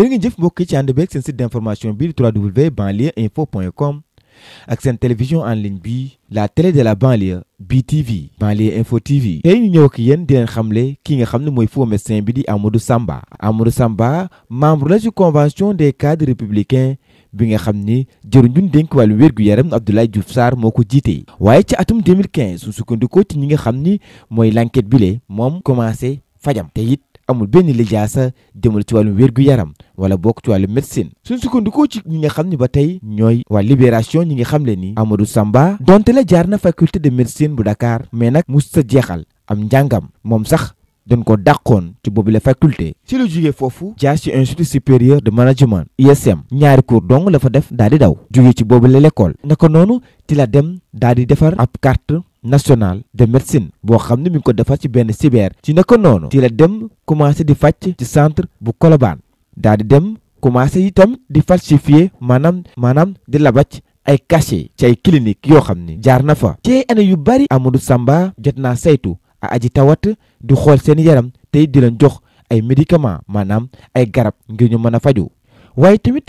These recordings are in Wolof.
jërë ngeen jëf mbokk yi ci ànd beeg seen site d'information bi di www.banlieueinfo.com ak seen télévision en ligne bi la télé de la banlieue BTV banlieue info TV. tey ñu ñëw ak yéen di leen xamle ki nga xam ne mooy faux médecin bi di Amadou Samba. Amadou Samba membre la ci convention des cadres républicains bi nga xam ni jëruñu dénk wàllu wérgu yaram Abdoulaye Diouf Sarr moo ko jiite. waaye ci atum 2015 su sukkandikoo ci ñi nga xam ni moy l'enquête bi le moom commencé fajam te amul benn lijaasa demul ci wàllum wérgu yaram wala bokk ci wàllum médecine suñ sukkandikoo ci ñi nga xam ne ba tey ñooy waa libération ñi nga xam le ni Amadou Samba donte la jaar na faculté de médecine bu Dakar mais nag mu sa jeexal am njàngam moom sax dañ ko dàqoon ci boobu la faculté ci la jógee foofu jaar ci institut supérieur de management ISM ñaari cours dong la fa def daal di daw jógee ci boobu la l'école naka noonu ci la dem daal di defar national de médecine boo xam ne mi ngi ko defar ci benn cyber ci naka noonu ci la dem commencé di faj ci centre bu Colobane daal di dem commencé itam di falsifier maanaam maanaam di labac ay cachet ci ay yoo xam ne jaar na fa ci année yu bari Amadou Samba jot naa saytu a aji tawat di xool seen yaram tey di leen jox ay médicament maanaam ay garab ngir ñu mën a faju waaye tamit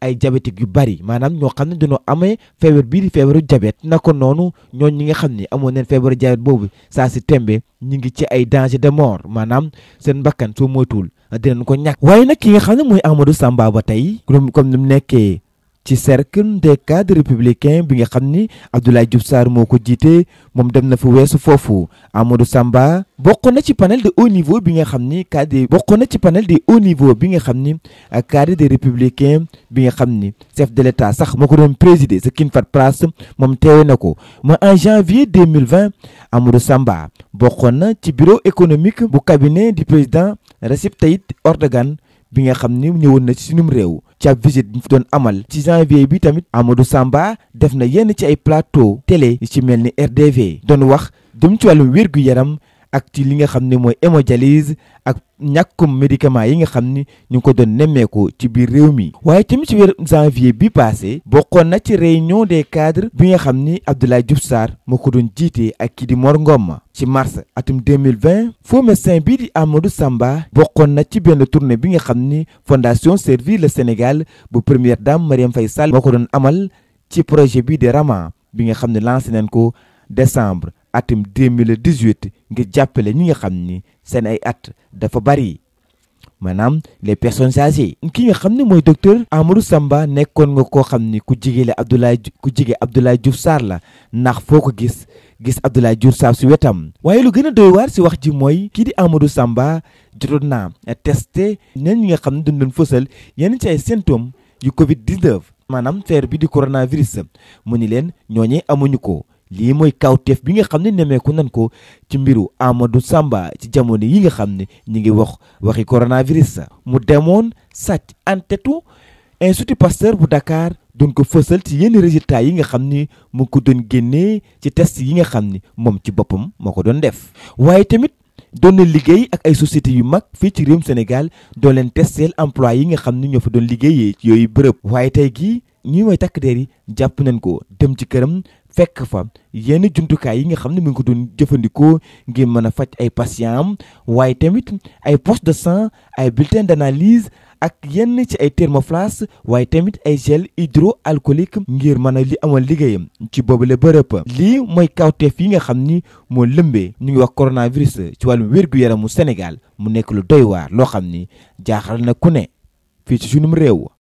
ay diabétique yu bari maanaam ñoo xam ne dañoo amee feebar bii di feebaru nag naka noonu ñoo ñi nga xam ne amoon neen feebaru diabète boobu saa si tembe ñi ngi ci ay danger de mort maanaam seen bakkan soo moytuwul dinañ ko ñàkk waaye nag ki nga xam ne mooy Amadou Samba ba tey comme ni mu nekkee ci cercle des cadres républicains bi nga xam ni Abdoulaye Diouf Sarr moo ko jiite moom dem na fu weesu foofu Amadou Samba bokk na ci panel de haut niveau bi nga xam ni cadre bokk na ci panel de haut niveau bi nga xam ni cadre des républicains bi nga xam ni chef de l'état sax moo ko doon présider sa kin fat place moom teewe na ko ma en janvier 2020 Amadou Samba bokkoon na ci bureau économique bu cabinet du président Recep Tayyip Erdogan bi nga xam ni ñëwoon na ci sunum réew ci ab visite bi mu fi doon amal ci janvier bi tamit Amadou Samba def na yenn ci ay plateau télé yi ci mel ni RDV doon wax jëm ci wàllum wér gu yaram ak ci li nga xam ne mooy hémodialyse ak ñàkkum médicament yi nga xam ni ñu ngi ko doon nemmeeku ci biir réew mi waaye tamit ci weer janvier bi passé bokkoon na ci réunion des cadres bi nga xam ni Abdoulaye Diouf Sarr moo ko doon jiitee ak kii di Mor Ngom ci mars atum 2020 faux médecin bii di Amadou Samba bokkoon na ci benn tournée bi nga xam ni Fondation Servir le Sénégal bu première dame Marième Faye Sall moo ko doon amal ci projet bii di Rama bi nga xam ne lancé nañ ko décembre atum 2018 ngir jàppale ñi nga xam ni seen ay at dafa bari maanaam les personnes âgées ki nga xam ne mooy docteur Amadou Samba nekkoon nga koo xam ni ku jige la Abdoulaye ku jige Abdoulaye Diouf saar la ndax foo ko gis gis Abdoulaye Diouf Sarr si wetam waaye lu gën a doy waar si wax ji mooy kii di Amadou Samba jotoon naa testé ñenn ñi nga xam ne dañ doon fësal yenn ci ay symptômes yu Covid 19 maanaam feer bi di coronavirus mu ni leen ñooñee amuñu ko. lii mooy kaw teef bi nga xam ne nemeeku nan ko ci mbiru Amadou Samba ci jamono yi nga xam ne ñu ngi wax waxi coronavirus. mu demoon sàcc en têtu institut Pasteur bu Dakar doon ko fësal ci yenn résultats yi nga xam ni mu ko doon génnee ci test yi nga xam ne moom ci boppam moo ko doon def. waaye tamit doon na liggéey ak ay société yu mag fii ci réewum Sénégal doon leen testeel emploi yi nga xam ne ñoo fa doon liggéeyee ci yooyu bërëb. waaye tey gii ñi mooy takk der yi jàpp nañ ko dem ci këram fekk fa yenn jumtukaay yi nga xam ne mu ngi ko doon jëfandikoo ngir mën a faj ay patient am waaye tamit ay poche de sang ay bulletin d'analyse ak yenn ci ay thermoflash waaye tamit ay gel alcolique ngir mën a li amal liggéeyam ci boobule bërëb lii mooy kawteef yi nga xam ni moo lëmbee ñu ngi wax coronavirus ci wàllum wér-gu-yaramu Sénégal mu nekk lu doy waar loo xam ni jaaxal na ku ne fii ci sunum réew